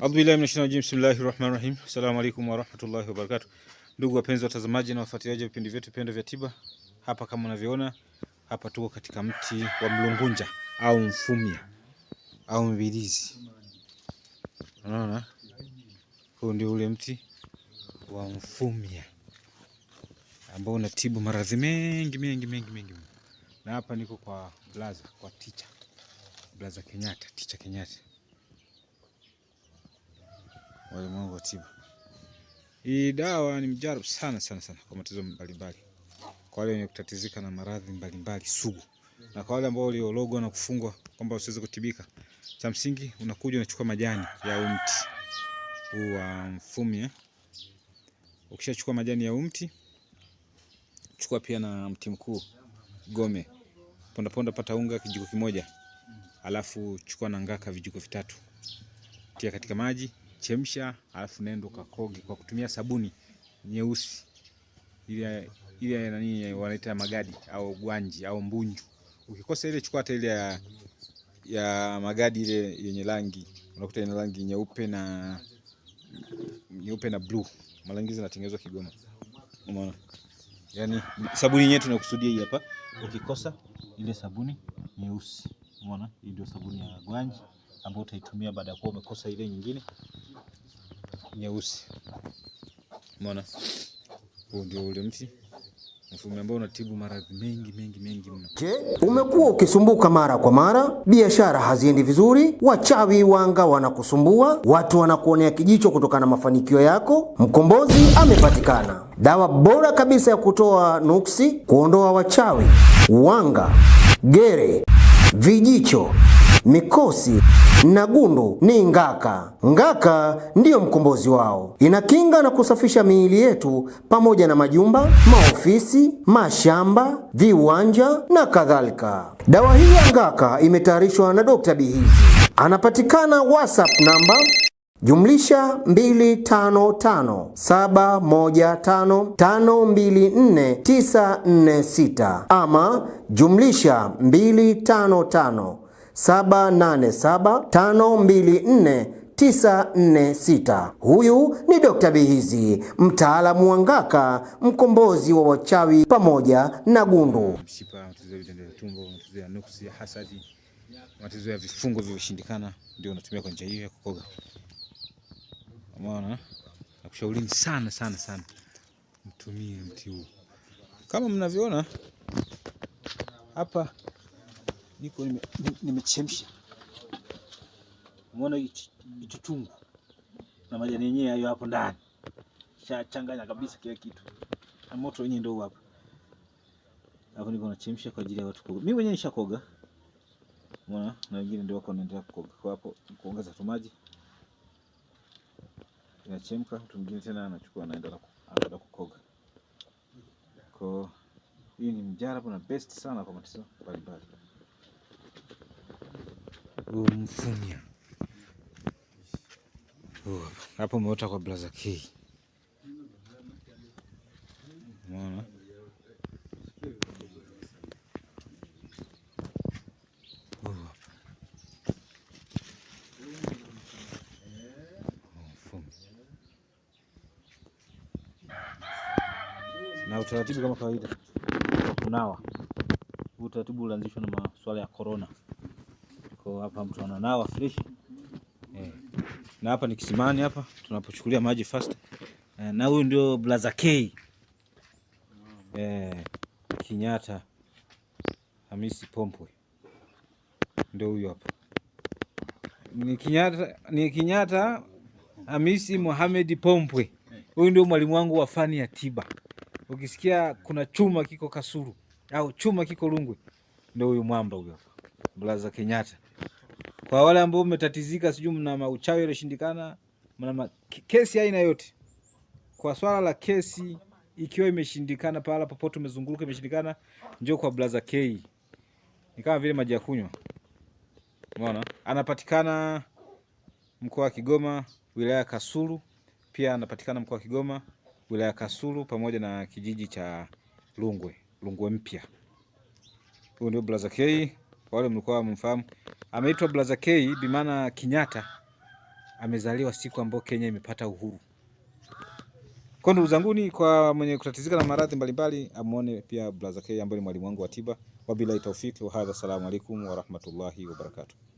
Audhubillahi minashaitani bismillahi rahmani rahim. Assalamu alaikum warahmatullahi wabarakatu. Ndugu wapenzi watazamaji na wafuatiliaji wa vipindi vyetu pendo vya tiba, hapa kama unavyoona hapa tuko katika mti wa mlungunja au mfumia au mbilizi. Unaona? Huu ndio ule mti wa mfumia ambao unatibu maradhi mengi mengi mengi mengi. Na hapa niko kwa blaza, kwa ticha blaza Kenyatta, ticha Kenyatta walimwengu wa tiba. Hii dawa ni mjarabu sana sana sana kwa matatizo mbalimbali, kwa wale wenye kutatizika na maradhi mbalimbali sugu, na kwa wale ambao waliologwa na kufungwa kwamba usiweze kutibika. Cha msingi unakuja unachukua majani ya umti huu wa mfumie. Eh? Ukishachukua majani ya umti, chukua pia na mti mkuu gome, ponda ponda, pata unga kijiko kimoja, alafu chukua na ngaka vijiko vitatu, tia katika maji chemsha, alafu nenda ukakoge kwa kutumia sabuni nyeusi ile ile nani wanaita magadi au gwanji au mbunju. Ukikosa ile, chukua hata ile ya, ya magadi ile yenye rangi, unakuta ina rangi nyeupe na nyeupe na blue. Marangi zinatengenezwa Kigoma, umeona? Yani sabuni yenyewe tunakusudia hii hapa. Ukikosa ile sabuni nyeusi, umeona? Hii ndio sabuni ya gwanji ambayo utaitumia baada ya kuwa umekosa ile nyingine nyeusi. Umeona, huu ndio ule mti mfumo ambao unatibu maradhi mengi mengi mengi mno. Je, umekuwa ukisumbuka mara kwa mara, biashara haziendi vizuri, wachawi wanga wanakusumbua, watu wanakuonea kijicho kutokana na mafanikio yako? Mkombozi amepatikana, dawa bora kabisa ya kutoa nuksi, kuondoa wachawi, wanga, gere, vijicho mikosi na gundu ni ngaka. Ngaka ndiyo mkombozi wao, inakinga na kusafisha miili yetu pamoja na majumba, maofisi, mashamba, viwanja na kadhalika. Dawa hii ya ngaka imetayarishwa na Dr. Bihizi, anapatikana WhatsApp namba jumlisha 255715524946 ama jumlisha 255 787524946. Huyu ni Dr. Bihizi, mtaalamu wa ngaka, mkombozi wa wachawi pamoja na gundu. Mshipa, matatizo ya vidonda vya tumbo, matatizo ya nuksi, hasadi, matatizo ya vifungo vilivyoshindikana, ndio unatumia kwa njia hiyo ya kukoga. Umeona? Nakushaurini sana sana sana, mtumie mti huu kama mnavyoona hapa niko nimechemsha nime, umeona hicho chungu na majani yenyewe hayo hapo ndani, shachanganya kabisa kila kitu, na moto wenyewe ndio hapo hapo. Niko nachemsha kwa ajili ya watu kuoga. Mimi mwenyewe nishakoga, umeona, na wengine ndio wako wanaendelea kukoga. Kwa hapo kuongeza tu maji, inachemka. Mtu mwingine tena anachukua anaenda anaenda kukoga. Kwa hiyo ni mjarabu na best sana kwa matatizo mbalimbali. Mfunya hapo umeota kwa blaza K. na utaratibu kama kawaida, kunawa. Utaratibu ulianzishwa na masuala ya korona. Kwa hapa mtu ananawa fresh eh, na hapa ni kisimani hapa tunapochukulia maji fast eh, na huyu ndio Blaza K eh, Kinyatta Hamisi Pompwe ndio huyu hapa ni Kinyatta, ni Kinyata Hamisi Mohamed Pompwe. Huyu ndio mwalimu wangu wa fani ya tiba. Ukisikia kuna chuma kiko kasuru au chuma kiko Rungwe, ndio huyu mwamba huyo. Blaza Kenyatta. Kwa wale ambao mmetatizika, sijui mna mauchawi yaliyoshindikana, mna kesi aina yote, kwa swala la kesi ikiwa imeshindikana, pahala popote umezunguka imeshindikana, njoo kwa Blaza K. Ni kama vile maji ya kunywa. Umeona, anapatikana mkoa wa Kigoma wilaya ya Kasulu, pia anapatikana mkoa wa Kigoma wilaya ya Kasulu pamoja na kijiji cha Lungwe, Lungwe Mpya. Huyu ndio Blaza K kwa wale mlikuwa wamemfahamu ameitwa Blaza K, bi maana amezaliwa siku ambayo Kenya imepata uhuru. Kwa ndugu zanguni, kwa mwenye kutatizika na maradhi mbalimbali, amuone pia Blaza K ambaye ni mwalimu wangu wa tiba. Wabillahi taufiki wa hadha, assalamu alaikum warahmatullahi barakatuh.